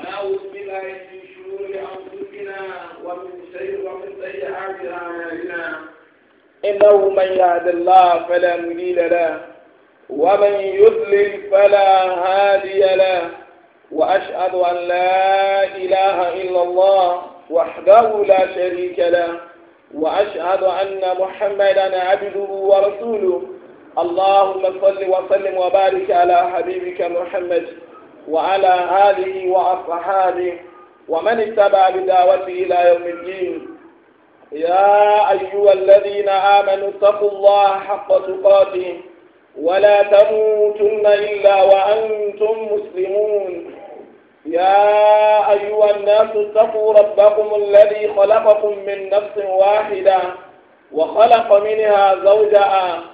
ونعوذ بالله من شرور أنفسنا ومن سيئات أعمالنا إنه من يهد الله فلا مضل له ومن يضلل فلا هادي له وأشهد أن لا إله إلا الله وحده لا شريك له وأشهد أن محمدا عبده ورسوله اللهم صل وسلم وبارك على حبيبك محمد وعلى آله وأصحابه ومن اتبع بدعوته إلى يوم الدين يا أيها الذين آمنوا اتقوا الله حق تقاته ولا تموتن إلا وأنتم مسلمون يا أيها الناس اتقوا ربكم الذي خلقكم من نفس واحدة وخلق منها زوجها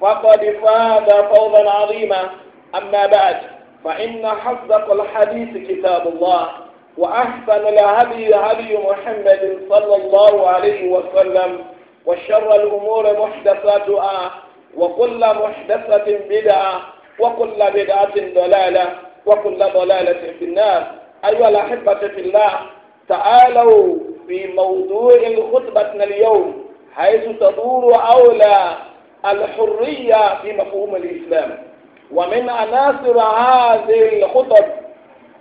فقد فاز فوزا عظيما أما بعد فإن حصدق الحديث كتاب الله وأحسن الهدي هدي محمد صلى الله عليه وسلم وشر الأمور محدثاتها وكل محدثة بدعة وكل بدعة ضلالة وكل ضلالة في النار أيها الأحبة في الله تعالوا في موضوع خطبتنا اليوم حيث تدور أولى الحرية في مفهوم الإسلام ومن عناصر هذه الخطب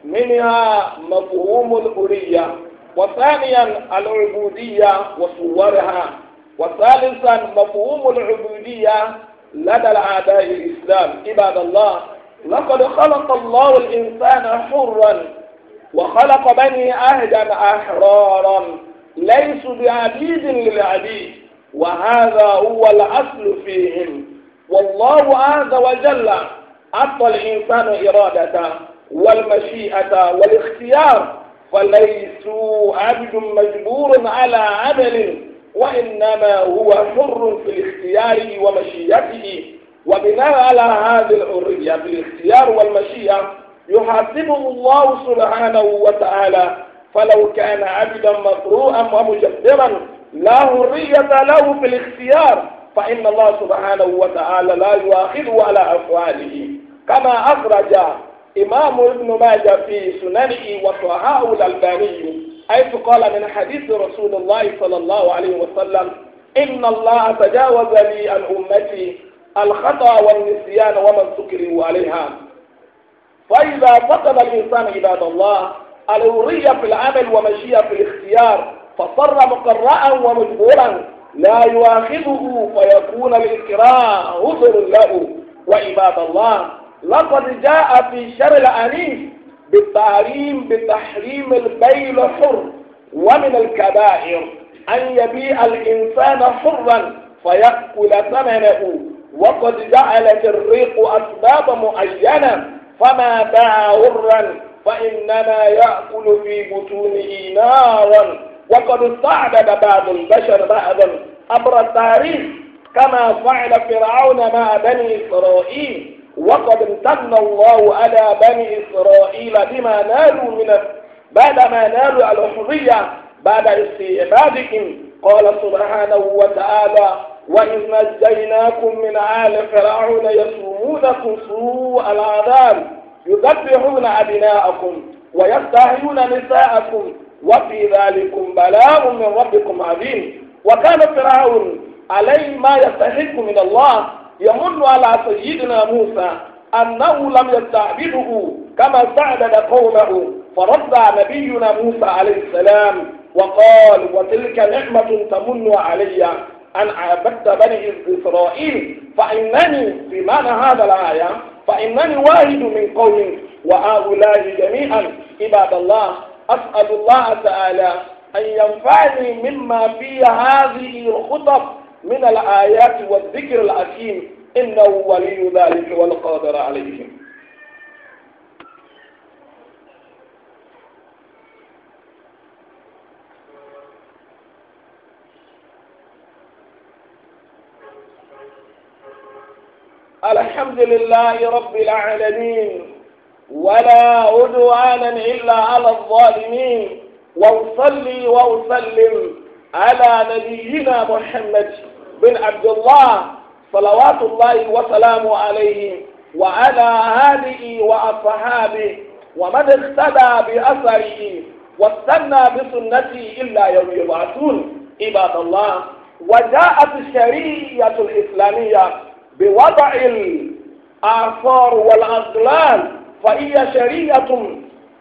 منها مفهوم الحرية وثانيا العبودية وصورها وثالثا مفهوم العبودية لدى الأعداء الإسلام عباد الله لقد خلق الله الإنسان حرا وخلق بني أهدا أحرارا ليسوا بعبيد للعبيد وهذا هو الأصل فيهم والله عز وجل أعطى الإنسان إرادته والمشيئة والاختيار فليسوا عبد مجبور على عمل وإنما هو حر في الاختيار ومشيئته وبناء على هذه الحرية في الاختيار والمشيئة يحاسبه الله سبحانه وتعالى فلو كان عبدا مطروءا ومجبرا لا حرية له في الاختيار فإن الله سبحانه وتعالى لا يؤاخذه على أفعاله كما أخرج إمام ابن ماجه في سننه وصححه الألباني حيث قال من حديث رسول الله صلى الله عليه وسلم إن الله تجاوز لي عن أمتي الخطأ والنسيان ومن سكروا عليها فإذا فقد الإنسان عباد الله الحرية في العمل ومشيئة في الاختيار فصر مقرا ومجبورا لا يؤاخذه فيكون الإكراه عذر له وعباد الله لقد جاء في شر الانيس بالتعليم بتحريم البيل حر ومن الكبائر أن يبيع الإنسان حرا فيأكل ثمنه وقد جعلت الريق اسباب معينة فما باع حرا فإنما يأكل في بطونه نارا وقد استعبد بعض البشر بعضا عبر التاريخ كما فعل فرعون مع بني إسرائيل وقد امتن الله على بني إسرائيل بما نالوا من بعد ما نالوا الحرية بعد استعبادهم قال سبحانه وتعالى وإذ نجيناكم من آل فرعون يسومونكم سوء العذاب يذبحون أبناءكم ويستحيون نساءكم وفي ذلكم بلاء من ربكم عظيم وكان فرعون عليه ما يستحق من الله يمن على سيدنا موسى أنه لم يستعبده كما استعبد قومه فرد نبينا موسى عليه السلام وقال وتلك نعمة تمن علي أن عبدت بني إسرائيل فإنني في معنى هذا الآية فإنني واحد من قوم وهؤلاء جميعا عباد الله أسأل الله تعالى أن ينفعني مما في هذه الخطب من الآيات والذكر الحكيم إنه ولي ذلك والقادر عليه الحمد لله رب العالمين ولا عدوانا إلا على الظالمين وأصلي وأسلم على نبينا محمد بن عبد الله صلوات الله وسلامه عليه وعلى آله وأصحابه ومن اقتدى بأثره واستنى بسنته إلا يوم يبعثون عباد الله وجاءت الشريعة الإسلامية بوضع الآثار والأغلال فهي شريعة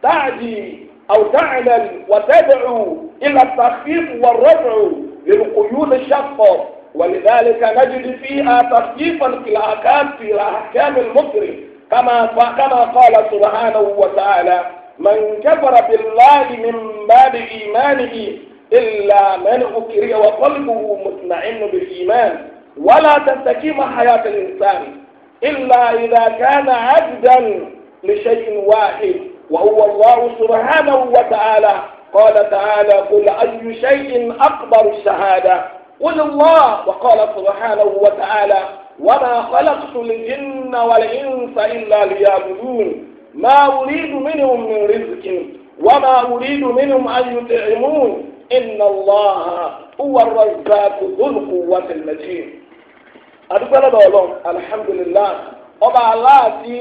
تعدي أو تعمل وتدعو إلى التخفيف والرفع للقيود الشاقة ولذلك نجد فيها تخفيفا في الأحكام في الأحكام المسلم كما كما قال سبحانه وتعالى من كفر بالله من باب إيمانه إلا من أكره وقلبه مطمئن بالإيمان ولا تستقيم حياة الإنسان إلا إذا كان عبدا لشيء واحد وهو الله سبحانه وتعالى قال تعالى قل أي شيء أكبر الشهادة قل الله وقال سبحانه وتعالى وما خلقت الجن والإنس إلا ليعبدون ما أريد منهم من رزق وما أريد منهم أن يطعمون إن الله هو الرزاق ذو القوة المتين أدخل الحمد لله ọba aláàtí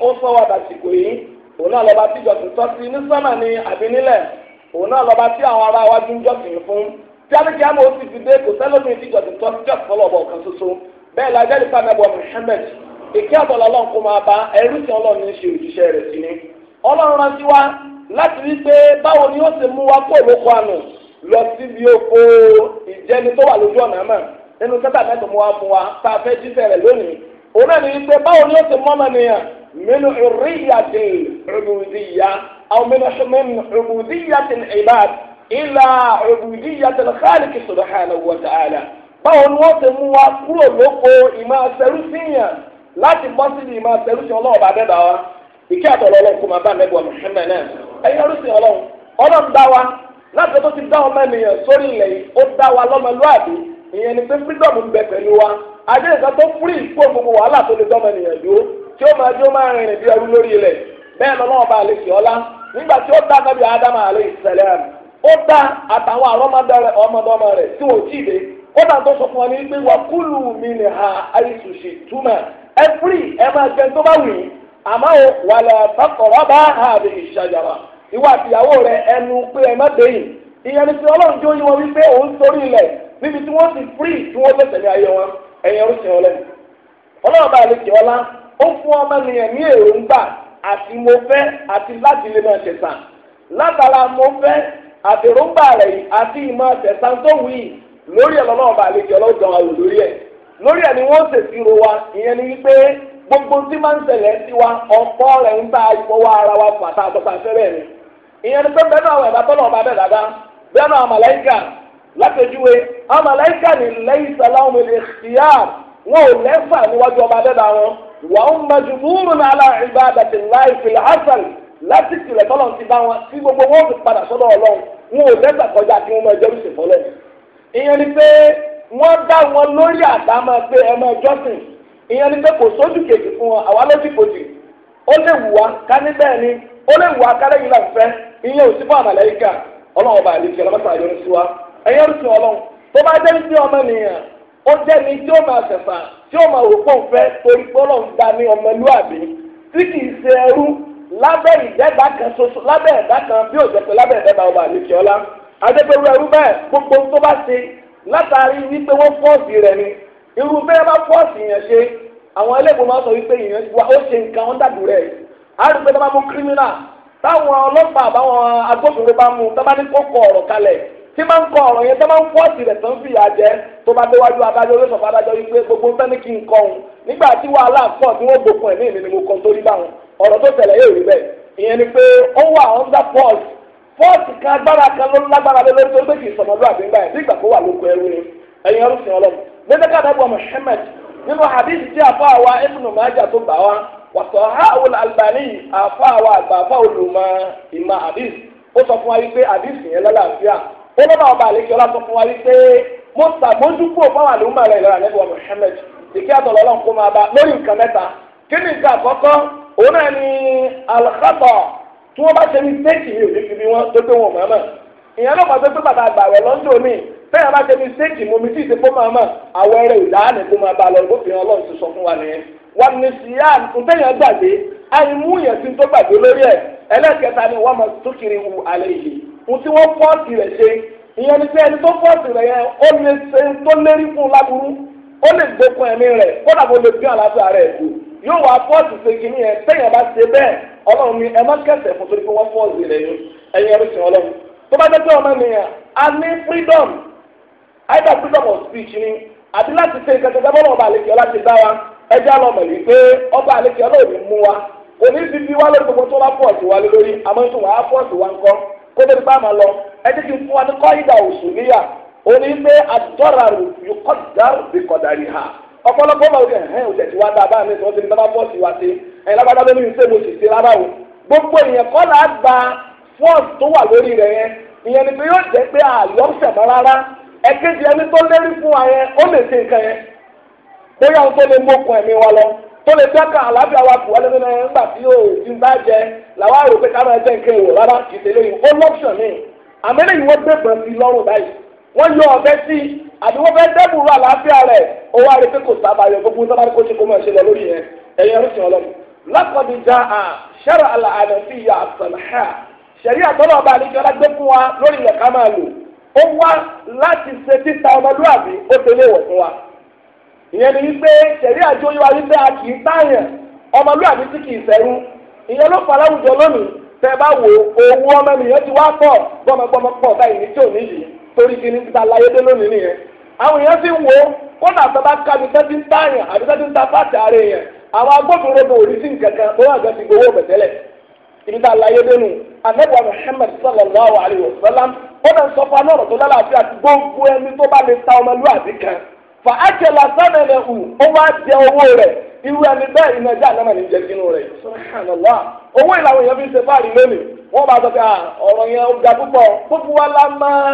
ó sọ wà dàsìkò yìí òun náà lọ́ba tí ìjọsìn tọ́ ní sọ́mà ni àbí nílẹ̀ òun náà lọ́ba tí àwọn ará wájú ń jọsìn fún tí alẹ́kẹ́ àmọ́ ó sì ti dé kò sẹ́lómi tí ìjọsìn tọ́ sí jọsìn fọlọ́ọ̀bọ̀ kan ṣoṣo bẹ́ẹ̀ la jẹ́ nípa nàbọ̀ Muhammad ìkí àtọ̀lọ́ ọlọ́run kó máa bá ẹrú tí ọlọ́run ní ṣe òjíṣẹ́ rẹ̀ sí ni ọlọ́run rántí wa láti rí pé báwo ni ó ṣe mú wa kó lóko àná lọ síbi oko ìjẹni tó wà lójú ọ̀nà mọ̀ nínú sẹ́tà mẹ́tò mú wa òun náà nìyí pé báwo ni ó ti mọ́mọ́ nìyẹn mẹ́nu ìrìyàtì ìbùdíyà àwọn mẹ́nu ìbùdíyàtì ìbáàd ìlà ìbùdíyàtì khaliq subhanahu wa ta'ala báwo ni wọ́n ti mú wa kúrò lóko ìmọ̀ àṣẹrú síyàn láti bọ́ sí ìmọ̀ àṣẹrú sí ọlọ́run bá dẹ́dà wa ìkí àtọ̀lọ́ ọlọ́run kò máa bá nẹ́bù Muhammad náà ẹ̀yin arúsìn ọlọ́run ọlọ́run dá wa láti tó ti dá ọmọ ènìyàn sórí ilẹ̀ yìí ó dá wa lọ́mọlúwàbí ìyẹn ni pé freedom ń bẹ pẹ̀lú wa adé nǹkan tó gbogbo wàhálà tó lè dọ́mọ dúró tí ó máa jó máa bí ẹrú lórí ilẹ̀ bẹ́ẹ̀ ọba àlè sí ọlá nígbà tí ó dá àlè ìsẹ̀lẹ̀ rẹ̀ ó dá àtàwọn àrọ́mọdé rẹ̀ ọmọdọ́mọ rẹ̀ tí wọ́n jí de kódà tó sọ fún ní pé wà kúlù mi ha níbi tí wọ́n ti free tí wọ́n fẹsẹ̀ ayé wọn ẹ̀yẹ ń sìn ọlẹ́nu ọlọ́run bá jẹ́ ọlá ó fún ọmọ nìyẹn ní èròǹgbà àti mo fẹ́ àti láti lè máa ṣẹ̀sán látara mo fẹ́ àti èròǹgbà rẹ̀ yìí àti ìmọ̀ ṣẹ̀sán tó wù yìí lórí ẹ̀ jẹ́ wa ìyẹn ni wípé gbogbo tí máa ń ṣẹlẹ̀ sí wa ọ̀pọ̀ rẹ̀ ń bá ìfọwọ́ ara wa fàtà àtọ́pàṣẹ́rẹ́ ìyẹn ni pé bẹ́ẹ̀ náà lápèjúwe àwọn màláíkà ní lẹ́yìn sàlámù ìlẹ̀kìyà wọn ò lẹ́fà níwájú ọba dẹ́dà wọn wọ́n ń mẹ́jú búrú ní alá àdàtì láì láti tìlẹ̀ tọ́lọ̀ ti bá wọn tí gbogbo wọn fi padà sọ́dọ̀ ọlọ́run wọn ò kọjá kí máa ìyẹn ni pé dá wọn lórí pé ẹ máa fún wọn àwa ló ti ó lè wù wá ká ni ó lè wù wá ẹ̀yẹ́ rúṣin ọlọ́run tó bá jẹ́ sí ọmọ nìyẹn ó jẹ́ ni tí ó máa ṣẹ̀fà tí ó máa wò pọ̀ fẹ́ torí pé ọlọ́run dá ní ọmọlúàbí tí kì í ṣe ẹrú lábẹ́ ìdẹ́gbà kan ṣoṣo lábẹ́ ẹ̀dá kan bí ò jẹ́ pé lábẹ́ ìdẹ́gbà ọba àlejò ọlá adébẹ̀rù ẹrú bẹ́ẹ̀ gbogbo tó bá ṣe látàrí wípé wọ́n fọ́ọ̀sì rẹ̀ ni irú bẹ́ẹ̀ bá fọ́ọ̀sì yẹn ṣe àwọn ẹlẹ́gbọ̀n máa sọ wípé ìyẹn wa ó ṣe nǹkan wọn dàdú rẹ̀ àrùn pé tó bá mú kírímínà táwọn ọlọ́pàá àbáwọn agbófinró bá mú tó bá ní kó kọ ọ̀rọ̀ kalẹ̀ tí máa ń kọ ọ̀rọ̀ yẹn tó máa ń fọ́ọ̀sì rẹ̀ tó ń fìyà jẹ tó bá déwájú adájọ́ ló sọ fún adájọ́ yìí pé gbogbo ń fẹ́ ní kí n kọ òun nígbà tí wàhálà pọ̀ tí wọ́n gbókun ẹ̀mí mi ni mo kọ́ torí báwọn ọ̀rọ̀ tó tẹ̀lé yóò rí bẹ́ẹ̀ ìyẹn ni pé ó wà under force force kan agbára kan ló lágbára lé lórí torí pé kì í sọmọlúwà bí gbà yẹn nígbà tó wà lóko Muhammad nínú hadith tí àfa àwa Ibn Majah tó gbà wá wàtò àwọn Albani àfa àwa àgbà àfa olùmọ̀ ìmọ̀ hadith ó sọ fún wa ó lọ́nà ọba àlejò ọlá tó fún wa wípé mo sàmójúkú fáwọn àlùmọ́ rẹ̀ lọ́la lẹ́bùwọ̀ Muhammad ìkí àtọ̀lọ́ ọlọ́run kó máa bá lórí nǹkan mẹ́ta kí ni nǹkan àkọ́kọ́ òun náà ni alhata tí wọ́n bá ṣe ní stéèkì mi ò ní fi bí wọ́n tó pé wọn mọ̀ mọ̀ ìyẹn lọ́pàá tó pé bàtà àgbàwẹ̀ lọ́ńdọ̀ mi fẹ́yìn bá ṣe ní stéèkì mo mi sì ṣe kó máa mọ̀ àwọn ẹrẹ ìdáhàní kó máa bá lọ lófin ọlọ́run ti sọ fún wa nìyẹn wà ohun tí wọ́n fọ́ọ̀tì rẹ̀ ṣe ìyẹn ni pé ẹni tó fọ́ọ̀tì rẹ̀ yẹn ó lè ṣe tó lérí fún un láburú ó lè gbókun ẹ̀mí rẹ̀ kódà kó lè gbé àlàáfíà rẹ̀ kù yóò wá fọ́ọ̀tì ṣe kìíní yẹn téèyàn bá ṣe bẹ́ẹ̀ ọlọ́run ni ẹ má kẹsẹ̀ fún torí pé wọ́n fọ́ọ̀tì rẹ̀ yín ẹ̀yin ẹ̀rú sìn ọlọ́run tó bá dẹ́gbẹ́ ọmọ ènìyàn a ní freedom either freedom of speech ni àti láti ṣe nǹkan tẹ́tẹ́ bọ́lá ọba àlejò láti dá wa ẹjẹ́ àlọ́ mọ̀lẹ́ pé ọba àlejò náà ò ní mú wa kò ní fi bí wá lórí gbogbo tó bá fọ́ọ̀tì wa lórí àmọ́ ìtumọ̀ á fọ́ọ̀tì wa ńkọ́ kódé bá ma lọ ẹ kí fún wa ní kọ́ídà òṣùlíyà oní pé ha ọ̀pọ̀lọpọ̀ máa wọlé ẹ̀hẹ́n òjẹ̀ tí wàá dá abáyé mi sọ ti ní bá bọ́ sí wa sí ẹ̀yin lábàdá lórí mi sì sí rárá o gbogbo ìyẹn kọ́ ni pé yóò jẹ́ pé àlọ́ rárá ẹni tó lérí fún wa yẹn ó lè nǹkan tó lè fẹ́ ká àlàáfíà wa kù wálé nínú ẹgbà tí yóò ti ń bá jẹ làwọn àrò pé ká máa jẹ nǹkan ìwò rárá kì í ṣe lóyún ó lọ́pṣọ̀n ní àmẹ́lẹ́ yìí wọ́n gbé pẹ̀lú sí lọ́rùn báyìí wọ́n yọ ọ̀fẹ́ sí àbí wọ́n fẹ́ dẹ́bùrú àlàáfíà rẹ̀ ó wá rí pé kò sábàáyọ gbogbo sábàá kó ṣe kó máa ṣe lọ lórí yẹn ẹ̀yẹ ń ọlọ́run lọ́kọ̀dì já a ṣẹ́rọ àlàáfíà fi ìyẹn ni wípé tẹ̀lé àjọ yíwa wípé a kì í táyàn ọmọlúwàbí tí kì í sẹ́rú ìyẹn ló láwùjọ lónìí tẹ bá wo owó ọmọ yẹn ti wá pọ̀ gbọmọgbọmọ pọ̀ báyìí ní tí ò níyì torí ní ti ta láyé wo kábi ń táyàn àbí ń ta àwọn agbófinró bò ibi tá a láyé anabi muhammed sallallahu alayhi wa sallam ó sọ fún tó ẹni tó bá fa akẹ́lá sábẹ̀lẹ̀ hù ó wá jẹ owó rẹ̀ irú ẹni bẹ́ẹ̀ iná ẹja àná mẹ́rin jẹ sínú rẹ̀ subhanallah owó ìlànà èèyàn fi ń ṣe fáàrí lónìí wọ́n bá sọ pé ọ̀rọ̀ yẹn ó ga púpọ̀ gbogbo wa la máa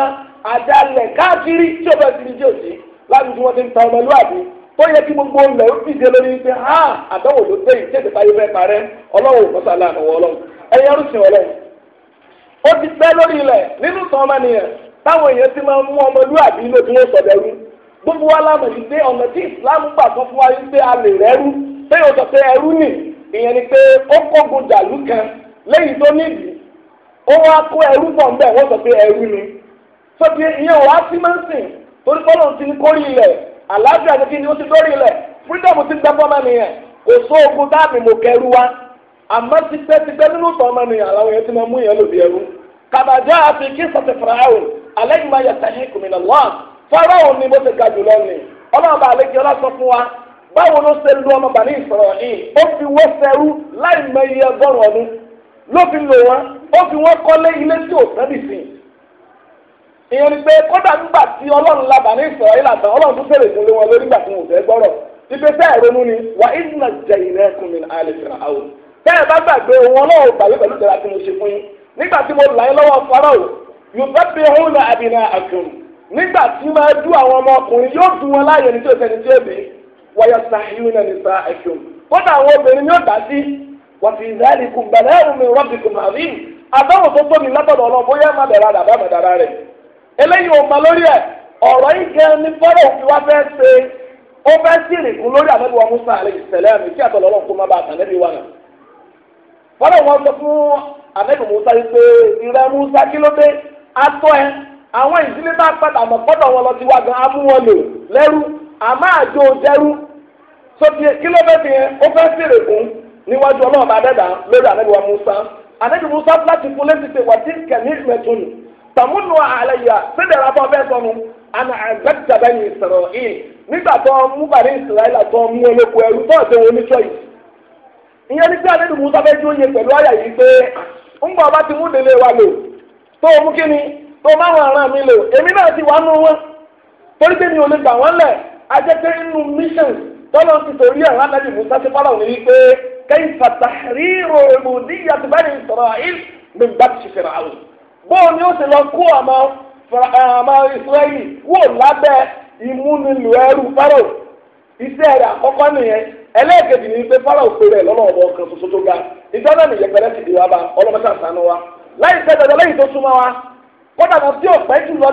àdálẹ̀ káàkiri tí ó bẹ́ẹ̀ ti di jòjì láti tí wọ́n ti ń ta ọmọlúwàbí tó yẹ kí gbogbo ilẹ̀ ó dìde lórí pé ha àdánwò ló dé ìṣe ìdíta yìí fẹ́ parẹ́ ọlọ́run mọ́sálà àmọ́wọ́ ọlọ́run ẹ̀yẹ rúṣin ọlọ́run ó ti pẹ́ lórí ilẹ̀ nínú sọ nìyẹn táwọn èèyàn ti máa mú ọmọlúwàbí lójú wọn sọ̀dẹ̀rú gbogbo wa la mọ̀ yìí pé ọ̀nà tí islam gbà tó fún wa yìí pé a lè rẹ́rú pé ẹrú nì ìyẹn ni pé ó kógun jàlú kan lẹ́yìn tó nídìí ó wá kó ẹrú bọ̀ ń bẹ̀ wọ́n sọ pé ẹrú ni sọ́tí ìyẹn wàá sí máa ń sìn torí kọ́lọ̀ ti ní kórì ilẹ̀ àlàáfíà ti ní ó ti dórí ilẹ̀ freedom ti nìyẹn kò dáàbì mò kẹrù wa àmọ́ nínú ọmọ nìyẹn fọ́rọ́hùn ni mo ti ga jùlọ ni ọlọ́ọ̀bà àlejò ọlọ́sọ fún wa báwo ló ṣe lu ọmọ bàní ìsọ̀rọ̀ yìí ó fi wọ́n sẹ́rú láì mọ iye ọgọ́rùn ọdún ló fi lò wọ́n ó fi wọ́n kọ́lé ilé tí ò sẹ́bì sí i ìyẹn ni pé kódà nígbà tí ọlọ́run la ìsọ̀rọ̀ yìí làtàn ọlọ́run tún fún wọn lórí nígbà tí máa dú àwọn ọmọkùnrin yóò dùn wọn láàyè ní tí tí èbè wáyà sàhíù náà nípa ẹ̀kọ́ kódà àwọn obìnrin yóò dá sí bẹ̀rẹ̀ ẹ̀rù mi rọ́bì kùn àrí àbẹ̀wò tó tóbi látọ̀dọ̀ ọlọ́ bóyá má bẹ̀rẹ̀ àdàbà màdàrà rẹ̀ eléyìí ò mọ lórí ẹ̀ ọ̀rọ̀ yìí ni òfin fẹ́ ṣe ó fẹ́ sí ìrìnkún lórí Musa Musa àwọn ìdílé bá padà mọ̀ gbọ́dọ̀ wọn lọ ti wá gan amú wọn lò lẹ́rú àmọ́ àjò jẹ́rú sóti kí yẹn ó fẹ́ fèrè fún níwájú ọlọ́run bá dẹ́dà lórí Musa ànábì láti fún létí pé wà tí kẹ̀mí mẹ́tò nù tàmúnú àlàyé sídẹ̀rẹ̀ abọ́ àná ní nígbà tó mú olóko ẹrú tó wọn oníṣọ́ yìí ìyẹn ní pé Musa fẹ́ yẹ pẹ̀lú àyà yìí tó máa wọn ara mi lò èmi náà ti wà nù wọn torí pé mi ò lè gbà wọ́n lẹ̀ ajẹ́pẹ́ inú mission tọ́lọ́ ti torí àwọn alájì musa ti fọ́lọ́ ní wípé kẹ́yìn fàtàrí òòlù níyà tó ní àwọn. bóun ni ó ti lọ kó àmọ́ àmọ́ ìsírẹ́lì wò lábẹ́ ìmúnilù ẹrú fáró iṣẹ́ rẹ̀ nìyẹn pé kan tó ga ìjọba ti di wa kódà lọ bí ọ̀pẹ́ jùlọ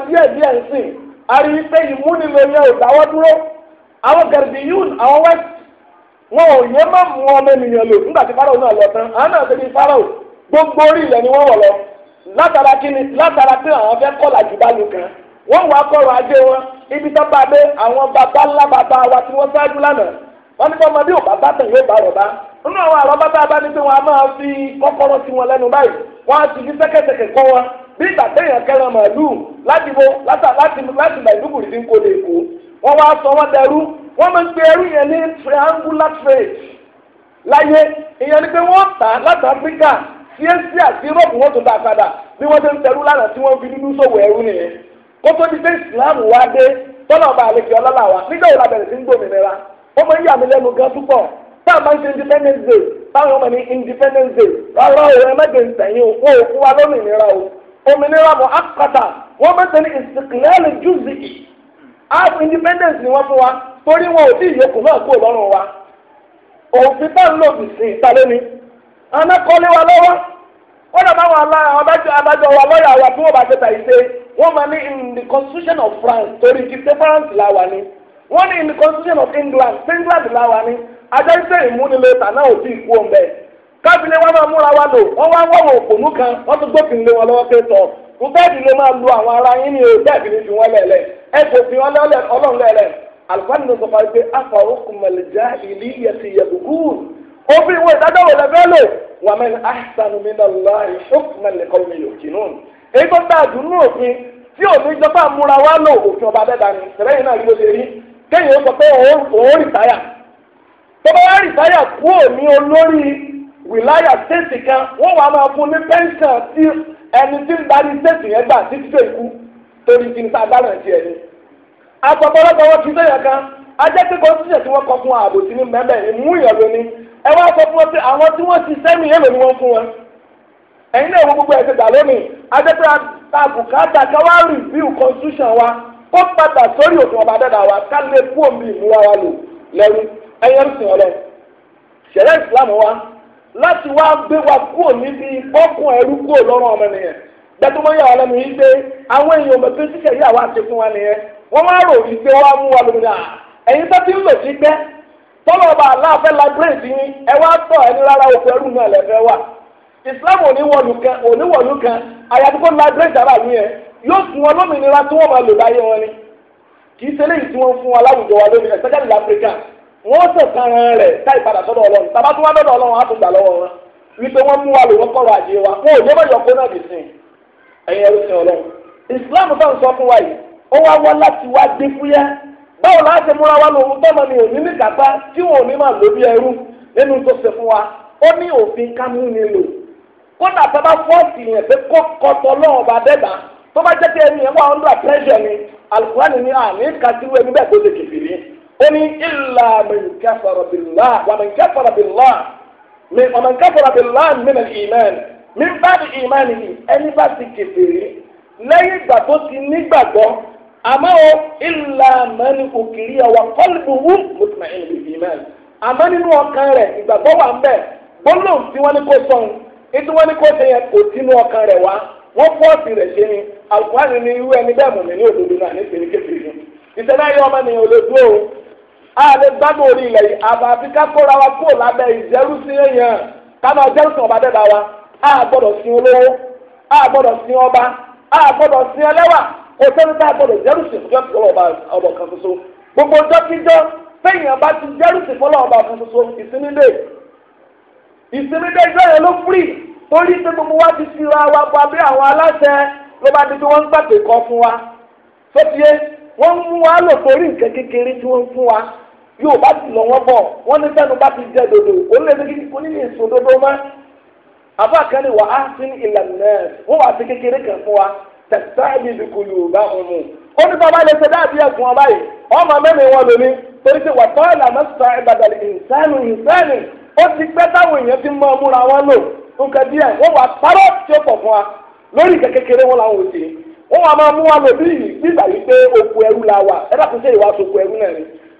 ń sìn a rí i pé ìmúnilò ò dáwọ́ dúró àwọn gẹ̀rẹ́dì yún àwọn west wọn ò yẹ má mú ọmọ ènìyàn lò nígbà tí fáráò náà lọ tán àwọn náà ti di fáráò gbogbo orí ilẹ̀ ni wọ́n wọ̀ lọ látara ibi tó bá dé àwọn baba ńlá wa tí wọ́n ṣáájú lánàá ní kí ọmọdé ò tẹ̀ yóò bá fi kọ́kọ́rọ́ sí wọn lẹ́nu báyìí bí ìtàtẹ́yàn kẹran màálùú láti bo láti láti Maiduguri ti ń kó lè kó wọ́n wá sọ wọ́n dẹrú wọ́n máa ń pe ẹrú yẹn ní triangular trade láyé ìyẹn ni pé wọ́n tà láti Áfíríkà sí Asia sí Europe wọ́n tún dá a padà bí wọ́n ti ń tẹrú lánàá tí wọ́n fi dúdú sòwò ẹrú nìyẹn kó tó di pé Islam wá dé tọ́nà ọba àlejò ọlọ́lá wa nígbà wo la bẹ̀rẹ̀ sí ń gbòmìnira ó máa ń yà mí lẹ́nu gan púpọ̀ táà máa ń ṣe Independence Day táwọn ọmọ ní Independence Day rárá o ẹ má jẹ́ ìsẹ̀yìn o wọn ò wa lómìnira o òmìnira bụ wọ́n mẹ́ta ní istiqlal juz'i half independence ni wọ́n fún wa torí wọn ò tí náà kúrò lọ́rùn wa òfin ń lò sí sí ìtàlẹ́ ni anákọ́lé wa lọ́wọ́ wọ́n dàbá wọn adájọ́ wa lọ́yà wa tí wọ́n bá máa ní in the constitution of France torí France wà ní ní in the constitution of England England wà ní ajá ìṣe kábílẹ̀ wọn máa múra wa lò wọ́n wá wọ́n òpònú kan wọ́n tún gbófin lé wọn lọ́wọ́ pé lu àwọn ara yín o fi wọ́n lẹ̀lẹ̀ ẹ kò fi wọ́n ọlọ́run alùpàdé ló sọ pé afa ìlí yẹtì yẹtùkú ìwé ìdájọ́ wò lẹ́fẹ́ lò mẹ́ni kọ́ mi kínú. èyí tó dáa dùn òfin tí ọba wìláyà stéètì kan wọ́n wàá máa fún ní pẹ́ńsàn tí ẹni tí ń darí stéètì yẹn gbà títí tó ikú torí ti ń ta agbára ti ẹni. àpapọ̀lọpọ̀ wọn ti sẹ́yìn kan ajẹ́ pé kọ́ńtíṣẹ̀ tí wọ́n kọ́ fún ààbò sí ní mẹ́mẹ́ ni mú ìyàn lóní ẹ wá sọ fún wọn pé àwọn tí wọ́n ti sẹ́mi yẹn lóní wọ́n fún wọn. ẹ̀yin náà wọ gbogbo ẹ̀ ti gbà lónìí ajẹ́ pé àbùkátà ká wá rìvíw constitution wa kó padà sórí òfin ọba dada wa ká lè kú òmìnira wa lò lẹ́rú ẹ̀yẹ́rú sìn ọ́ lẹ́rú ṣẹ̀rẹ́ ìsìlámù wa láti wá gbé wa kúrò níbi ọkùn ẹrú kúrò lọ́rùn ọmọ nìyẹn gbẹdú mọ́ yàrá lẹ́nu yìí pé àwọn èèyàn mọ̀ pé yìí àwa ṣe fún wa nìyẹn máa rò pé á mú wa tó ti ń lò sí ọba kan kan àyàdúgbò lágbèrèdì ara mi yẹn yóò fún wọn lómìnira tí máa lò láyé wọn ni kì í ṣe léyìí tí fún wọ́n sọ̀kan rẹ̀ táì padà sọ́dọ̀ ọlọ́run tàbá tó wá dọ́dọ̀ ọlọ́run á tún gbà lọ́wọ́ wọn wípé wọ́n mú wa lò wọ́n kọ̀rọ̀ àjẹ wa wọn ò yẹ bẹ́ẹ̀ yọkọ náà dìsìn ẹ̀yin ẹrú sin ọlọ́run ìsìláàmù tó ń sọ fún wa yìí ó wá wọ́n láti wá gbé fúyẹ́ báwo la ṣe múra wa lòun tọ́mọ ni òní ní kàtá tí wọn ò ní máa lò bí ẹrú nínú tó ṣe fún wa ó ní òfin ká mú ni lò kódà tó bá fọ́ọ̀sì yẹn pé kọ́kọ́tọ̀ lọ́wọ́ bá dẹ́gbà tó bá jẹ́ pé ẹni yẹn wà under pressure ni alukurani ni àní kàtí wẹ́ẹ́ níbẹ̀ tó ṣe kìfìrí ó ní ilà mẹ̀nkáfàrà bìlá wà mẹ̀nkáfàrà bìlá wà mẹ̀nkáfàrà billah nínú ìmán mi bá di ìmán yìí ẹni bá ti kèfèrí lẹ́yìn ìgbà tó ti nígbàgbọ́ àmọ́ ó ilà mẹ́ni òkìrí àwọn kọ́lùbù wù mùtùmá ìlú ìmán àmọ́ nínú ọkàn rẹ̀ ìgbàgbọ́ ni a lè gbádùn orí ilẹ̀ yìí àbàfi ká kóra wa kó lábẹ́ ìjẹ́rúsí èèyàn ká máa jẹ́rúsí ọba dẹ́dà wa a gbọ́dọ̀ sin olówó a gbọ́dọ̀ sin ọba a gbọ́dọ̀ sin ẹlẹ́wà kò sẹ́ni tá a gbọ́dọ̀ jẹ́rúsí fúnjọ́ ti ọba ọba kan ṣoṣo gbogbo jọ́kíjọ́ fẹ́yìn bá ti jẹ́rúsí fọlọ́ ọba kan ṣoṣo ìsinmi dé ìsinmi dé ìjọ yẹn ló torí pé gbogbo wa ti fi ra wa pa bí àwọn aláṣẹ ló bá di gbàgbé kọ fún wa sọ́tìyẹ wọ́n mú wa lò torí nǹkan kékeré tí wọ́n fún wa yóò bá ti lọ wọn bọ wọn ní sẹnu bá ti jẹ dodo onílẹ̀ẹ́dẹ́gbẹ́ onílẹ̀ èso dodo má àbá kan ní wà á sí ìlànà wọn wà á sí kékeré kan fún wa tẹ̀sán ibi kulu bá wọn mu. ó ní bàbá lè ṣe dáàbí ẹ̀sùn wọn báyìí ọmọ mẹ́rin wọn lómi torí pé wàtá ìlànà sọ ìbàdàlẹ̀ ìsánù ìsánù ó ti pẹ́ táwọn èèyàn ti mọ múra wọn lò nǹkan díẹ̀ wọ́n wà párọ̀ tí ó pọ̀ fún wa lórí ìkẹ́ kékeré wọn la wà ẹ dákun sí ìwà àtòkù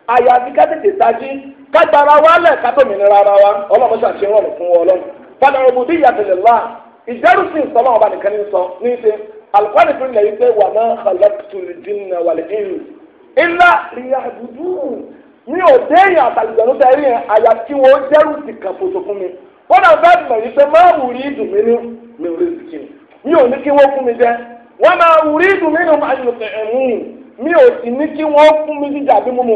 àyàfi ká tètè tají ká gbára wálẹ̀ ká tòmìnira ara wa ọlọ́run ṣàṣeyàn rọrùn fún wọn ọlọ́run padà rògbò bí ìyàtọ̀ lè ìjẹ́rùsìn sọ́lọ́ ọba nìkan ní sọ ní ṣe fún ilẹ̀ yìí pé wà náà mi ò déyìn àtàlùjọ́nù tẹ́ fún mi wọ́n náà mi ò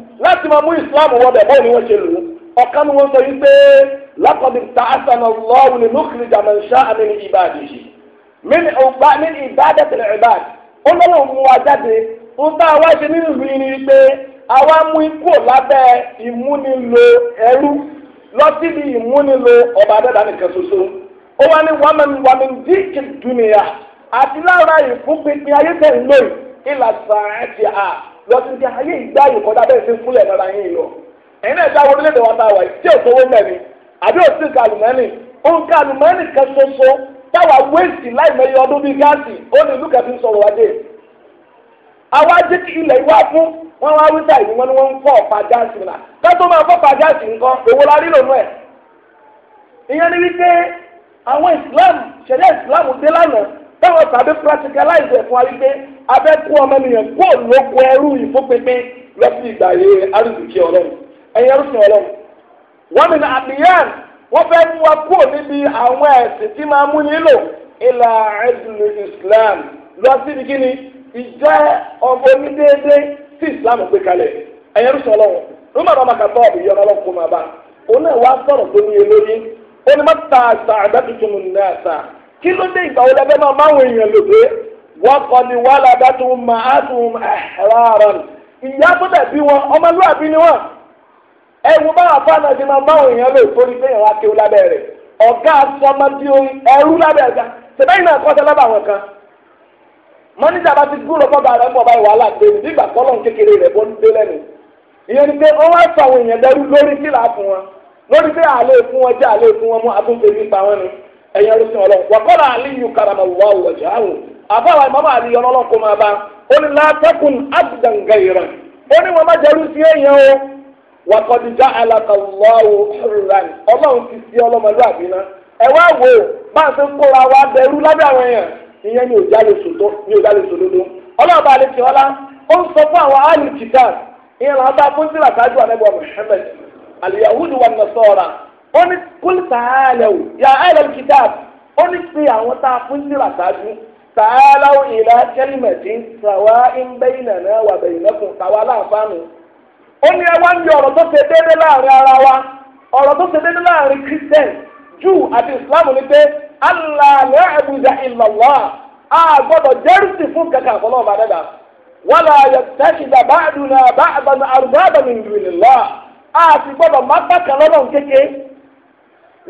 láti máa mú ìsìláàmù wọbẹ̀ báwo ni wọ́n ṣe lù ú ọ̀kan ni wọ́n sọ yìí pé laqad ta'athana Allahu li nukhrija man sha'a min ibadihi min ibadati al-ibad ó lọ́wọ́ mú wa jáde ń bá wa ṣe nínú ìlú ni pé àwa mú ikú lábẹ́ ìmúnilò ẹrú lọ síbi ìmúnilò ọba dẹ́dá nìkan ṣoṣo ó wá ní wàmí wàmí díkì dúnìyà àti lára ìfúnpinpin ayé tẹ̀ ń lò ìlà ẹ̀ ti hà. lọ́sùn bí ayé ìgbà yìí kọjá bẹ́ẹ̀ sí anyị lára yín na lọ. ẹ̀yin náà dáwọ́ orílẹ̀-èdè wọn tí ò sówó mẹ́rin àbí ò sí nǹkan àlùmọ́nì nǹkan kan ṣoṣo táwa wéèsì láì mẹ́yẹ ọdún bíi gáàsì ó ní ìlú kẹfì sọ̀rọ̀ wájé. àwa jẹ́ kí ilẹ̀ fún wọn wá ìlú wọn ni wọ́n ń fọ́ ọ̀pá gáàsì máa fọ́ ọ̀pá gáàsì nǹkan èwo la ẹ̀. táwọn tàbí practicalize ẹ̀ fún wa wípé abẹ́kú ọmọnìyàn kó lóko ẹrú ìfúnpinpin lọ sí ìgbà yìí arúgbìkì ọlọ́run ẹ̀yin arúgbìn ọlọ́run wọ́n mi ní àbíyàn wọ́n fẹ́ mú wa kúrò níbi àwọn ẹ̀sìn tí máa mú nílò ìlà ẹ̀dùnú Islam lọ sí ibi kíni ìjọ ọmọ onídéédé tí Islam gbé kalẹ̀ ẹ̀yin arúgbìn ọlọ́run lọ́mọdé ọmọ kàtọ́ àbíyàn ọlọ́kùnrin àbá òun náà wá sọ̀rọ̀ tó ní olóyún ó ní mọ́ta àṣà àdá tuntun náà sáà kí ló dé ìgbà wo lẹ́fẹ́ máa máwọn èèyàn lò pé wọ́n kọ́ ni wàhálà bá tún máa á tún ẹ̀rọ ara rẹ̀ ìyá tó dàbí wọn ọmọlúwàbí ni wọn ẹ wo báwọn afáàná ti máa èèyàn torí pé ìyàwó akéwò rẹ̀ ọ̀gá sọmọ tí ó ẹrú ẹ̀ka sẹ́dáyìn náà kan bá ti gbúrò rẹ̀ mọ̀ báyìí wàhálà ẹ̀yẹ ló sìn ọlọ́run wàkọ́lá aliyu karama àwọn ọ̀jẹ̀ àwọn àbáwá màmá àlìyọ ọlọ́run máa bá ó ní ó ní wọn má sí o wàkọ́dìjà alakallahu hurran ọlọ́run ti sí ọlọ́mọlúwàbí náà ẹ wá wò bá a ṣe ń kóra wa ma lábẹ́ àwọn èèyàn ìyẹn ni òjá lè sòtó ni òjá lè sòdodo ọlá ó ń sọ fún àwọn ìyẹn làwọn bá fún sílà ó ní kúlì tààlẹ́wò yà áìlẹ́ kìtàb ó ní pé àwọn tá a fún síra ṣáájú tààlẹ́wò ìlà kẹ́lìmẹ̀tì sàwa ìbẹ́yìnà náà wà bẹ̀yìnàkùn tàwa láǹfààní. ó ní ẹ wá ń yọ ọ̀rọ̀ tó ṣe déédéé láàrin ara wa ọ̀rọ̀ tó ṣe déédéé láàrin christian jew àti islam ni pé allah a gbọ́dọ̀ jẹ́rìsì fún kankan wala yẹtẹ́kìdà báàdùnà a ti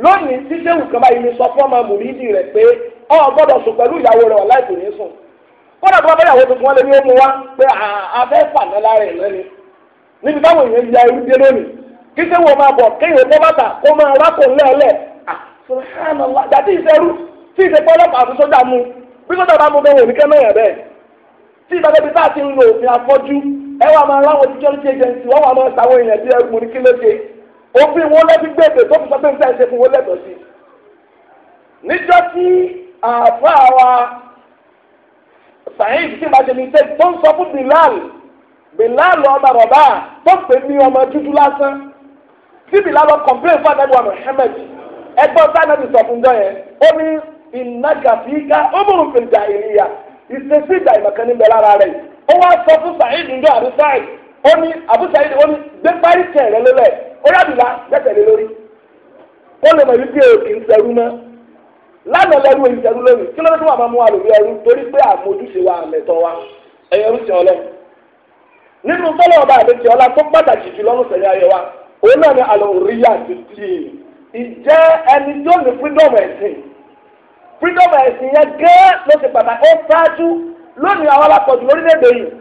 lónìí tí sẹ́wù kan báyìí ní sọ fún ọmọ mùrídì rẹ̀ pé ọ gbọ́dọ̀ sùn pẹ̀lú ìyàwó rẹ̀ wà láì kò ní sùn kódà tó bá bá yàwó tuntun wọn lè ní ó mu wá pé afẹ́ fàná lára ẹ̀ lẹ́ni níbi táwọn èèyàn ya irú dé lónìí kí sẹ́wù ọmọ àbọ̀ kéèyàn tó bàtà kó máa rákò ńlẹ̀ẹ́lẹ̀ subhanallah dàtí ìṣerú tí ìṣe pọ́lọ́pàá àti sójà mu bí sójà bá mu bẹ́ẹ̀ wò ní kẹ́mẹ́yà bẹ́ẹ̀ tí ìbálẹ̀ bí sáà ti ń lo òfin afọ́jú ẹ wà máa ráwọn ti jọ́lí ti ẹjẹ̀ǹsì wọ́n wà máa sàwọn èèyàn bí ẹgbùn ní kílódé òfin wọn tó fi sọ pé n sẹ́yìn ṣe fún wọn lẹ́tọ̀ọ́ sí. níjọ́ tí àáfàá wa sàyìn ṣe ní tó ń sọ fún Bilal Bilal ọmọ rọ̀bà tó pè ní ọmọ dúdú lásán tí Bilal lọ kọ̀m̀pléǹ fún adájọ́ Muhammad ẹgbọ́n sanabi sọ fún jọ yẹn ó ní ìnagàfíkà ó múrùn fìjà ìrìyà ìṣesí ìjà ìmọ̀kan níbẹ̀ lára rẹ̀ ó wá sọ fún sàyìn ìjọ àbúsáì ó ní ó ní óyàbìlà gbẹ́sẹ̀lé lórí kó lè mọ̀ òkè ń sẹ́rú mọ́ lánàá lẹ́rú lórí kí ló tó wà máa mú wa torí pé àmójúṣe wa wa ẹ̀yẹ ń sìn ọlọ́ nínú tọ́lọ̀ ọba àdéjì ọlá tó pàtàkì jù lọ́nù sẹ̀yìn ayé wa òun náà ni àlọ́ òríyá àti tíì ìjẹ́ ẹni tó ní freedom ẹ̀sìn freedom ẹ̀sìn yẹn gẹ́ẹ́ ló ti pàtàkì ó ṣáájú lónìí àwọn èdè yìí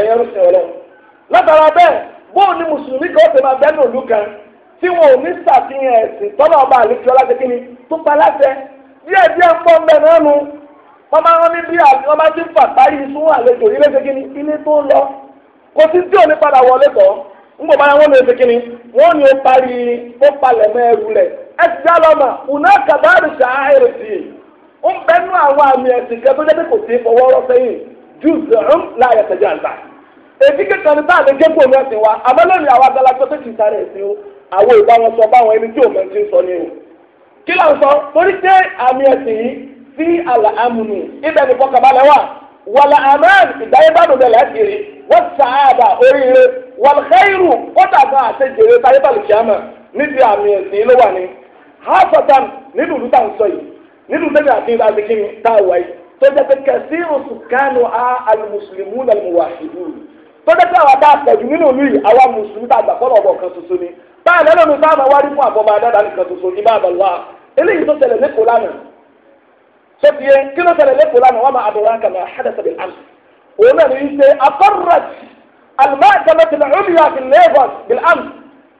ẹ̀yẹ ló sìn ọlọ́run látara bẹ́ẹ̀ bóun ni mùsùlùmí kan ó ti máa bẹ́ẹ̀ lòlú kan tí wọn ò ọba àlejò ọlájẹ kínní tó pa láṣẹ díẹ̀ díẹ̀ ń pọ́ mbẹ́ náà nu wọ́n máa rán ní bí wọ́n máa ti fàtà yìí fún àlejò ilé tó lọ kò sí tí padà wọlé ń bọ̀ wọn lè ṣe ó parí ó palẹ̀ mọ́ ẹrù ẹ ti dá lọ́mà kàdáàrì sí i juz'un la yatajal ba èyí kankan tá a lè jẹ́ kó mẹ́sìn wa àmọ́ lónìí àwọn agbálagbọ́ tó ti sáré ẹ̀sìn o àwọn ìbáwọn sọ báwọn ẹni tí ò mẹ́sìn ń sọ ní o. kí ló ń sọ torí pé àmì ẹ̀sìn yìí sí àlà amúnú ibẹ̀ ní fọkànbalẹ̀ wà wàlà amán ìdáyébádùn rẹ̀ lẹ́sìrì wọ́n sàáàbà oríire wàlà khairu kọ́tà kan àtẹ̀jẹ̀rẹ̀ táyébàlì kíámà níbi àmì ẹ̀sìn yìí ló wà ní. hafatan nínú ìlú tá à ń sọ yìí nínú tẹ́lẹ̀ àti ìlànà tọ́jà pé kẹsí òsùnkánù á alùmùsùlùmù nàlùmùwàṣìlù tọ́jà pé àwọn dáa pẹ̀jù nínú ìlú yìí àwa mùsùlùmí tá a gbà fọ́lọ̀ ọ̀bọ̀ kan tuntun ni táà lẹ́nu mi sáà máa wárí fún àbọ̀mọ adáda nìkan tuntun ní máa bàlúwà eléyìí tó tẹ̀lé lẹ́kọ̀ọ́ lánàá tó kí ló tẹ̀lé lẹ́kọ̀ọ́ lánàá wọ́n máa àbọ̀wá kàmá hadasa bil amr òun náà ní ṣe akọ́rọ̀t almahkamatu al-ulya fi Lagos bil amr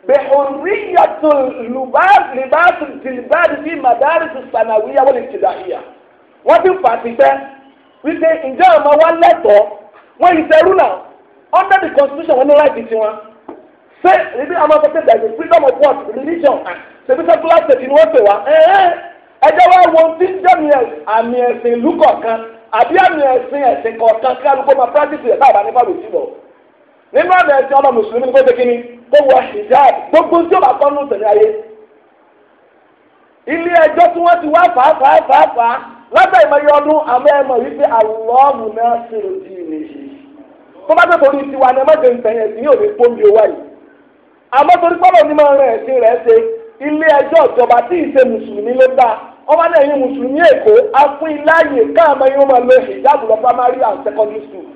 bihurriyatul libas libas jilbab fi madaris as-sanawiyya wal wọ́n ti fà síṣẹ́ wípé ǹjẹ́ ọmọ wa lẹ́tọ̀ọ́ wọ́n yìí ṣerú náà under the constitution wọn ní láti tiwọn ṣé ìdí àwọn ọmọ tẹ̀sán ìdí freedom of what religion ṣèbí secular state ni wọ́n pè wá ẹjẹ́ wa wo tí jẹ́mi àmì ẹ̀sìn ìlú kọ̀ọ̀kan àbí àmì ẹ̀sìn ẹ̀sìn kọ̀ọ̀kan kí alùpùpù máa practice rẹ̀ báyìí nípa lòsì lọ nínú àmì ẹ̀sìn ọmọ mùsùlùmí ni kó tẹ́kí ni kó wọ hijab gbogbo tí ó bá kọ́ nù tẹ̀lé ayé ilé ẹjọ́ tí wọ́n ti wá fàáfàáfàáfàá lábẹ́ ìmọ̀ye ọdún àmọ́ ẹ mọ̀ wípé àlọ́ọ̀mù náà ṣe ló di ilé yìí tó bá tó torí tiwa ni ọmọdé ń tẹ̀yẹ̀ sí yóò ní pọ́ńbí owó yìí àmọ́ torí pọ́lọ̀ ní máa rẹ̀ ẹ̀sìn rẹ̀ ṣe ilé ẹjọ́ ìjọba tí ìṣe mùsùlùmí ló dá ọmọ náà yín mùsùlùmí èkó á fún iláyè káàmọ́ yín máa lo ìjáàbù lọ primary and secondary school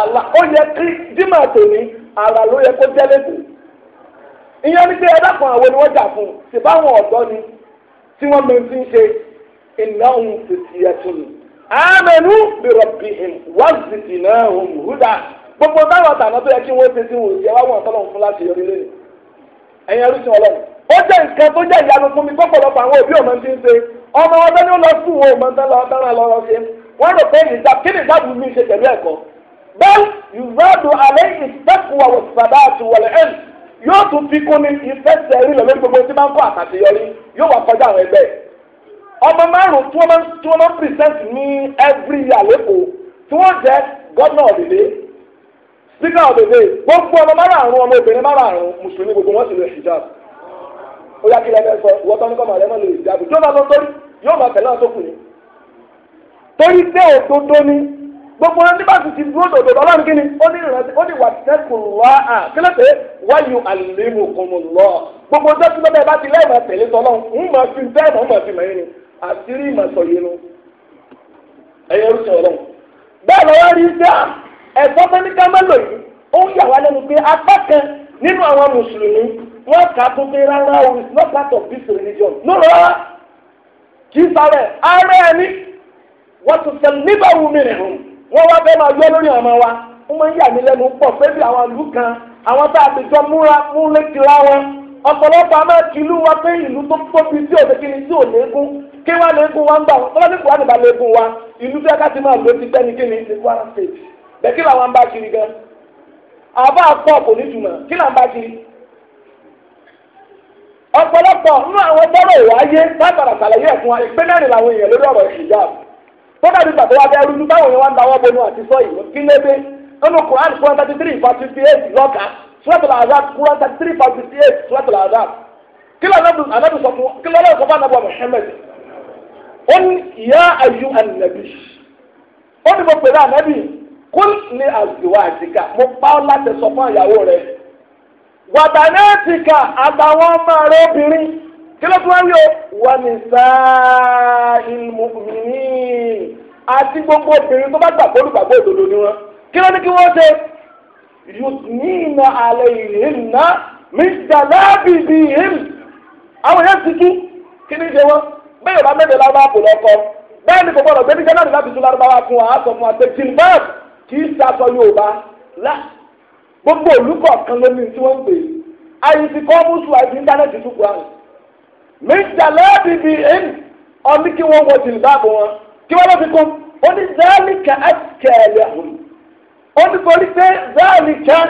àlà ó yẹ kí dìmọ̀ tòní àlà ló yẹ kó jẹ́ lẹ́kọ̀ọ́ ìyẹn ní pé ẹ̀dá kan àwọn ni wọ́n jà fún ṣèbáwọn ọ̀dọ́ ni tí wọ́n mẹ́rin ti ń ṣe إنهم فتية آمنوا بربهم وزدناهم هدى gbogbo táwọn àtàná tó yẹ kí wọ́n tẹsí wò sí ẹ wá wọn àtọlọrun fún láti yọrí lẹ́yìn ẹ̀yin arúgbó Ọlọ́run ó jẹ́ nǹkan tó jẹ́ ìyanu fún mi pọpọlọpọ àwọn òbí ọmọ ti ń ṣe ọmọ ọdún ní ó lọ sùn wọn ọmọ tán lọ dáná lọrọ ṣe wọn rò pé ìjà kí ni ìjà mi ṣe pẹ̀lú ẹ̀kọ́ bẹ́ẹ̀ ìrọdù alẹ ìfẹkùwà òṣìṣàdá àti wọlé ẹn yóò tún fi kún ní ìfẹsẹ̀ rí lọ lórí gbogbo tí máa ń kó àtàtì yọrí yóò wá kọjá àwọn ẹgbẹ́ ọmọ márùn tí wọ́n tí wọ́n máa present ní every year lẹ́kọ̀ọ́ tí wọ́n jẹ́ governor of the day speaker of the day gbogbo ọmọ márùn ọmọ obìnrin márùn mùsùlùmí gbogbo wọn sì lè hijab ó yá kí lẹ́gbẹ́ sọ wọ́tọ́ ní kọ́mọ̀ rẹ̀ mọ́ lè hijab tí wọ́n máa lọ sórí yóò máa tẹ̀lé ọ̀tọ́ kù ní. torí pé òdodo ni gbogbo ẹni bá ti ti dúró dòdò lọ́wọ́ ní kíni ó ní ìrántí ó ní wà tẹ́kùn lọ́ à kílẹ̀ pé wáyù àlèmùkùnmù lọ gbogbo ọjọ́ tí lọ́bẹ̀ bá ti lẹ́ẹ̀mọ̀ tẹ̀lé tọ́lọ́ ń mọ̀ fi bẹ́ẹ̀ mọ̀ ń mọ̀ fi mọ̀ yín ni. asiri ìmọ̀sọ̀ yìí nu ẹ̀yẹ oṣù ọlọ́run bẹ́ẹ̀ lọ́wọ́ rí sí à ẹ̀fọ́ yà kan àwọn mùsùlùmí wọ́n kà tó rárá o not part of this religion no rárá kì í sáré ara ẹni wọ́n ti sẹ́nu nígbà wù wa yà mí ọ̀pọ̀lọpọ̀ a máa ti ìlú wa pé ìlú tó tóbi tí òde kí ni tí ò lẹ́gùn kí wá wa ń wọn tọ́lá ní wa ìlú tí wákàtí máa lò ti kí ni ti Kwara State bẹ́ẹ̀ kí làwọn bá kiri gan àbá kò ní jùmọ̀ kí làwọn bá kiri. ọ̀pọ̀lọpọ̀ nínú àwọn sàlàyé wa làwọn èèyàn lórí ọ̀rọ̀ tó dàbí wa suratul azab quran thirty three forty eight suratul azab Kila Nabi anabi sọ fún kí ló lọ́wọ́ sọ fún anabi muhammed ó ní ìyá ayú anabi ó ní mo pèrè anabi kún ní àzùwà àjìká mo pa ọ́ láti sọ fún ìyàwó rẹ̀ wàbànẹ́tìkà àtàwọn ọmọ rẹ̀ obìnrin kí ló tún wá yọ wà ní sáà gbogbo obìnrin tó bá gbàgbọ́ olùgbàgbọ́ òdodo ni wọn kí ló ní kí wọ́n yudnina alayhinna min jalabibihin àwọn yẹn ti tú kí ni ṣe wọn bẹ́ẹ̀ bá mẹ́tẹ̀ẹ́ lárúbá kò lọ́kọ́ bẹ́ẹ̀ ni kò gbọ́dọ̀ gbé ní jẹ́nàdì láti tún lárúbáwá fún wa á sọ fún wa pé jilbab kì í sasọ Yorùbá la gbogbo olùkọ́ kan lómi tí wọ́n ń pè àyìntì kọ́ mùsùn àyìntì íńtánẹ́ẹ̀tì tún kúrò àrùn min jalabibihin ọ̀ní kí wọ́n wọ jilbab wọn kí wọ́n lọ́ fi kún ó ní zalika askẹ́lẹ̀ ọ̀hún ó ní torí pé záàlì kẹ́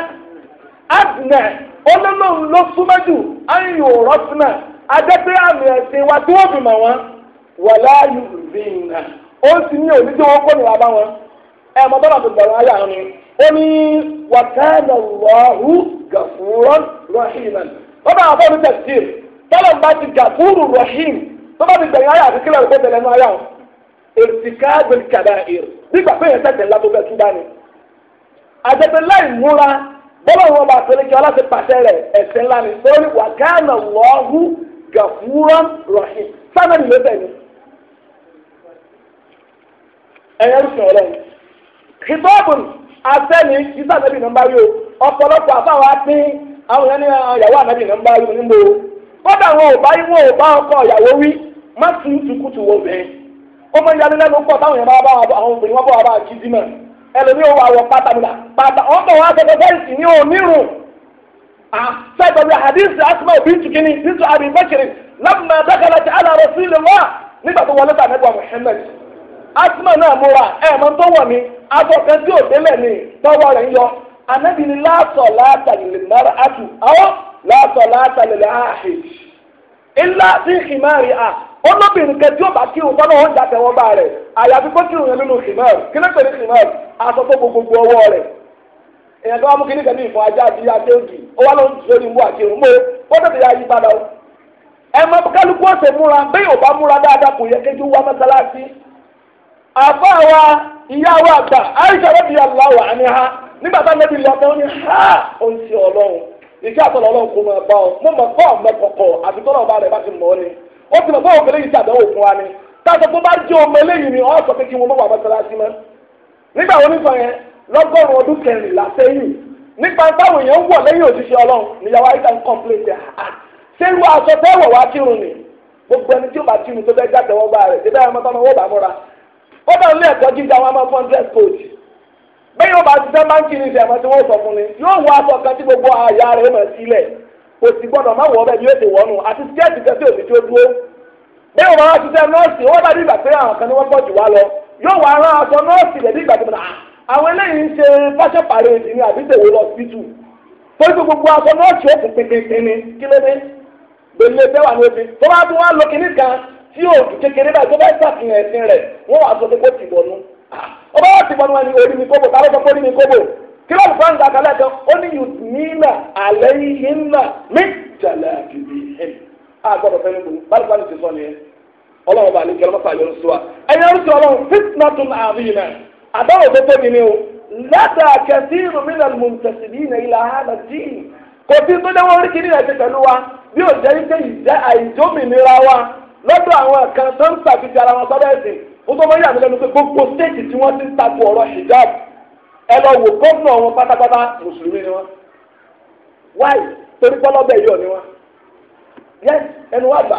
ló súnmọ́ jù ayò rọ́tìnà adẹ́pẹ́ àmì ẹ̀sìn wa tí wọ́n fi mọ̀ wà láàyò ó sì ní òní tí wọ́n bá wọn mọ bọ́lá tó gbọ̀rọ̀ ni ó ní wàkàlà wàhù gàfúrọ́n rọ́hìnà bọ́lá àwọn bọ́ọ̀lù tẹ̀síìr tọ́lọ̀ bá ti gàfúrù rọ́hìn tó bá ti gbẹ̀yìn ayé àti kílẹ̀ òkú tẹ̀lẹ̀ nú ayé àwọn èrtìkà àjẹpẹ́ láì múra bọ́lá wọn bá fẹ́lẹ́ kí ti pàṣẹ rẹ̀ ẹ̀ṣẹ̀ ńlá ni ó ní wàgánà lọ́hù gàfúrán rọ̀hìn sáná nílé bẹ́ẹ̀ ni. ẹ̀yẹ́ ń sọ̀rọ̀ lẹ́yìn. kìtọ́ọ̀bùn asẹ́ni yóò ọ̀pọ̀lọpọ̀ àwọn yẹn ọkọ ìyàwó wí má tún wọ bẹ́ẹ̀. ó mọ ẹlòmí ò wà wọ pátá múlá pátá ọ̀pọ̀ wọn ní àdìsí òbí àbí bẹ́kìrì ti nígbà tó wọlé asma náà ẹ̀ mọ́ tó wọ̀ mí tí ò délẹ̀ tọ́wọ́ rẹ̀ ń yọ anabi ni látàlẹ̀ mara àtù àwọn láàtọ̀ látàlẹ̀ àhì ilá sí ìmárì à ọlọ́bìnrin kẹjọ́ bá kírun tọ́lọ́ wọn jà tẹ̀wọ́ bá rẹ̀ àyàfi kó yẹn aṣọ tó gbogbo ọwọ́ rẹ̀ èèyàn tó wá mú kí nìkan ní ìfọ̀ ajá àti akéwì ó wá ló ń jù lórí mú àkérò mọ́ ó tètè yá yí padà ẹ mọ kálukú múra bá múra dáadáa kò yẹ kéjú wá àfa wa ìyá wa àgbà Aisha rẹ̀ ha nígbà tá ní ha ó ń ṣe ìṣe kò máa ọ mo àti ọba bá ti ni ó ti nígbà wo nípa yẹn lọ́gọ́rùn-ún ọdún kẹrìnlá sẹ́yìn nípa táwọn èèyàn ń wọ̀ lẹ́yìn òṣìṣẹ́ ọlọ́run níyàwó àyíká ń kọ́ńpléètì ah, ah, ṣé irú aṣọ tẹ́ wọ̀ wá kírun ni gbogbo ẹni tí ó bá kírun tó fẹ́ jáde wọ́n bá rẹ̀ ṣé bẹ́ẹ̀ ọmọ wọ́n bá múra wọ́n bá ẹ̀kọ́ gíga wọn máa fọ́n dress code bẹ́ẹ̀ yóò bá ṣiṣẹ́ máa ń kiri ìṣẹ̀ àmọ́ tí wọ́n sọ fún ni yóò wọ aṣọ kan tí gbogbo àyà rẹ̀ mọ̀ sílẹ̀ kò sì gbọ́dọ̀ má wọ̀ bẹ́ẹ̀ bí yóò ti wọ̀ nù àti skẹ́ẹ̀tì kan tí òbí tí ó dúró bẹ́ẹ̀ wọ́n máa ṣiṣẹ́ nọ́ọ̀sì wọ́n bá dìgbà pé àwọn kan ni wọ́n pọ̀ jù wá lọ yóò wá rán aṣọ nọ́ọ̀sì rẹ̀ bí ìgbà àwọn eléyìí ń ṣe lọ torí pé gbogbo aṣọ nọ́ọ̀sì pínpín ni kí ló dé gbèlè ẹgbẹ́ wà lóde tó bá tún wá lọ kínní kan tí yóò kékeré báyìí tó bá ṣàfihàn ẹ̀sìn rẹ̀ wọ́n sọ pé kó wà orí mi kóbò tá pé orí mi kóbò kí ló ọlọ́run bá nìkẹ́ lọ́mọ́sá yọ nsọ a ẹ̀yẹ nsọ ọlọ́run fitna tún àárín náà àdáwọ̀ tó tóbi ni o lẹ́tà kẹsí rúmínà mùtẹ̀sìlì ní ilà hànà tí kò sí tó dáwọ́ orí kìíní ẹ̀jẹ̀ pẹ̀lú wa bí ó jẹ́ ike ìjẹ́ àìjómìnira wa lọ́dọ̀ àwọn kan tó ń tàbíjà ara wọn sọ́dọ̀ ẹ̀sìn ó tó mọ́ yàtọ̀ pé gbogbo stéètì tí wọ́n ti ń takò ọ̀rọ̀ hijab ẹ lọ wò gómìnà wọn pátápátá mùsùlùmí ni wọn wáyé torí pọ́lọ́bẹ̀ yọ̀ ni wọn yẹ́n ẹnu wà gbà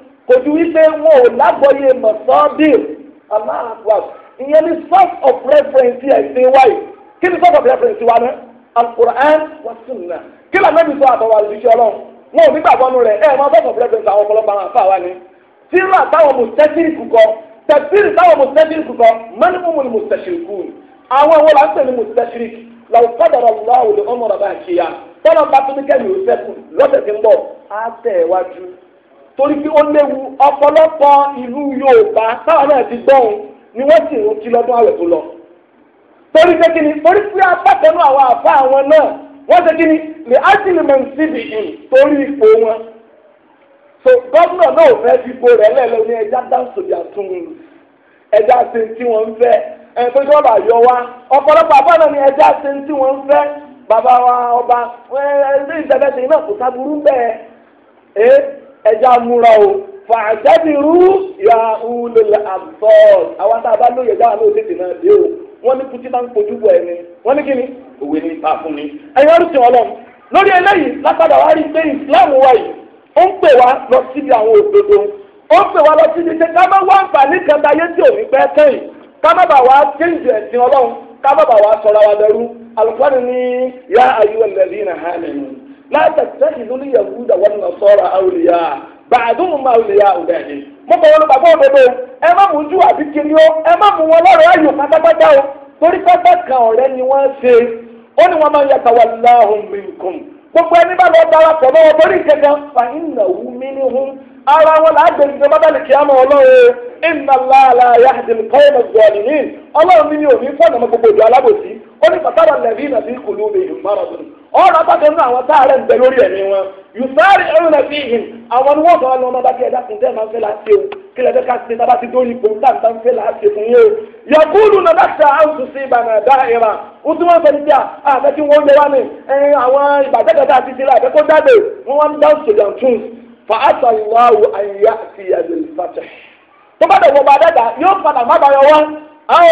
kò ju wípé wọn ò lágbọ́yé mọ̀sọ́dìr aláàbọ̀ ìyẹn ni source of reference ẹ̀sìn wáyé kí ni source of reference wa náà alukur'an wa sunna kí ló ànábì sọ àtọwà ìṣẹ́ ọlọ́run wọn ò nígbàgbọ́ nù rẹ̀ ẹ̀ máa source of reference àwọn ọ̀pọ̀lọpọ̀ àwọn àfa ni tíra táwọn mùsítẹ́sírì kúkọ tẹ̀sírì táwọn mùsítẹ́sírì kúkọ mẹ́nìmùmù ni mùsítẹ́sírì kù àwọn àwọn là ń pè ní mùsítẹ́sírì làwùfọ́dọ̀rọ̀ lọ́wọ́ ọmọ rẹ̀ bá ṣe ya tọ́lọ́ bá tó ní kẹ́mi ò sẹ́kù lọ́sẹ̀ tí ń bọ̀ á tẹ̀ wájú torí pé ó léwu ọ̀pọ̀lọpọ̀ ìlú Yorùbá táwọn náà ti gbọ́ òun ni wọ́n sì ń kí lọ́dún àwẹ̀ tó lọ. torí pé kí ni torí pé apákanú àwọn àfa àwọn náà wọ́n ṣe kí ni lè ásìlì mọ̀ síbi ìn torí ipò wọn. so gómìnà náà ò fẹ́ fi ipò rẹ̀ lẹ́lẹ́ ní ẹja dáńsòdì àtúnwìn ẹja ṣe tí wọ́n ń fẹ́ ẹ̀ pé kí wọ́n bá yọ wá ọ̀pọ̀lọpọ̀ àbá náà ni ẹja ṣe tí wọ́n ń fẹ́ bàbá wa ọba ẹ̀ ẹ̀ ẹ̀ ẹja múra o fàṣẹ́bìrú ya ulul absar àwọn tá a bá lóye dáhà ló tètè náà dé o ní kùtì máa ń kojú ẹni wọn ní kíni òwe ní ìta fún mi. ẹ̀yin ọdún tí wọ́n lọ lórí eléyìí lápadà rí pé wa yìí ó ń pè wá lọ síbi àwọn òdodo ó ń pè wá lọ síbi pé ká má wá tí òní pẹ́ kẹ́yìn ká má bà láti tẹ́sí lórí yahuda wọn lọ sọ́ra àwòlíyà bàdúrà máa wòlíyà ọ̀dà ẹ̀dẹ́ mo kọ̀ wọn gbàgbọ́ òdodo ẹ má mú jù àbí kiri o ẹ má mú wọn lọ́rọ̀ ayò pátápátá o torí pátá wọn ara wọn ọlọ́run la yahdi al-qawma adh ọlọ́run ní gbogbo ìjọ alábòsí ó ní pàtàkì lẹ́bí iná sí ọ̀rọ̀ nínú àwọn ń bẹ lórí ẹ̀mí wọn àwọn ni wọ́n kí ẹja tẹ́ máa ń fẹ́ láti o kí ká tábà ti dórí ipò tá na láti àǹtù sí ìbànú ẹ̀dá ìrà ó tún wọn fẹ́ níbi àfẹ́ kí wọ́n wá ní àwọn wa asa Allahu an ya'tiya bil fath tó bá dẹ̀ wọ bá dẹ́ta yóò padà má bàyọ̀ wá áwò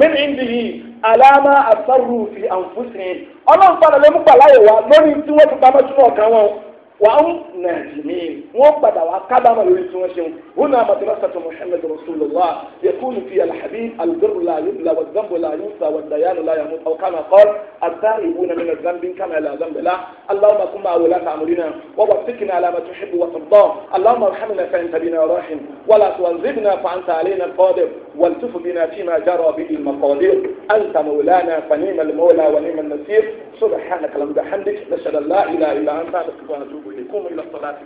min indihi alama asarru fi anfusihim ọlọ́run padà ló mú gbà lórí tí wọ́n ti pamọ́ sínú ọ̀kan هنا مدرسة محمد رسول الله يكون فيها الحبيب البر لا يبلى والذنب لا ينسى والديان لا يموت أو كما قال الذاهبون من الذنب كما لا ذنب له اللهم كن مع ولاة أمرنا ووفقنا على ما تحب وترضى اللهم ارحمنا فأنت بنا راحم ولا تعذبنا فأنت علينا القادر والتف بنا فيما جرى به المقادير أنت مولانا فنيم المولى ونيم النصير سبحانك اللهم بحمدك نشهد لا إله إلا أنت أستغفرك وأتوب lè kó wọn lọ sọ láti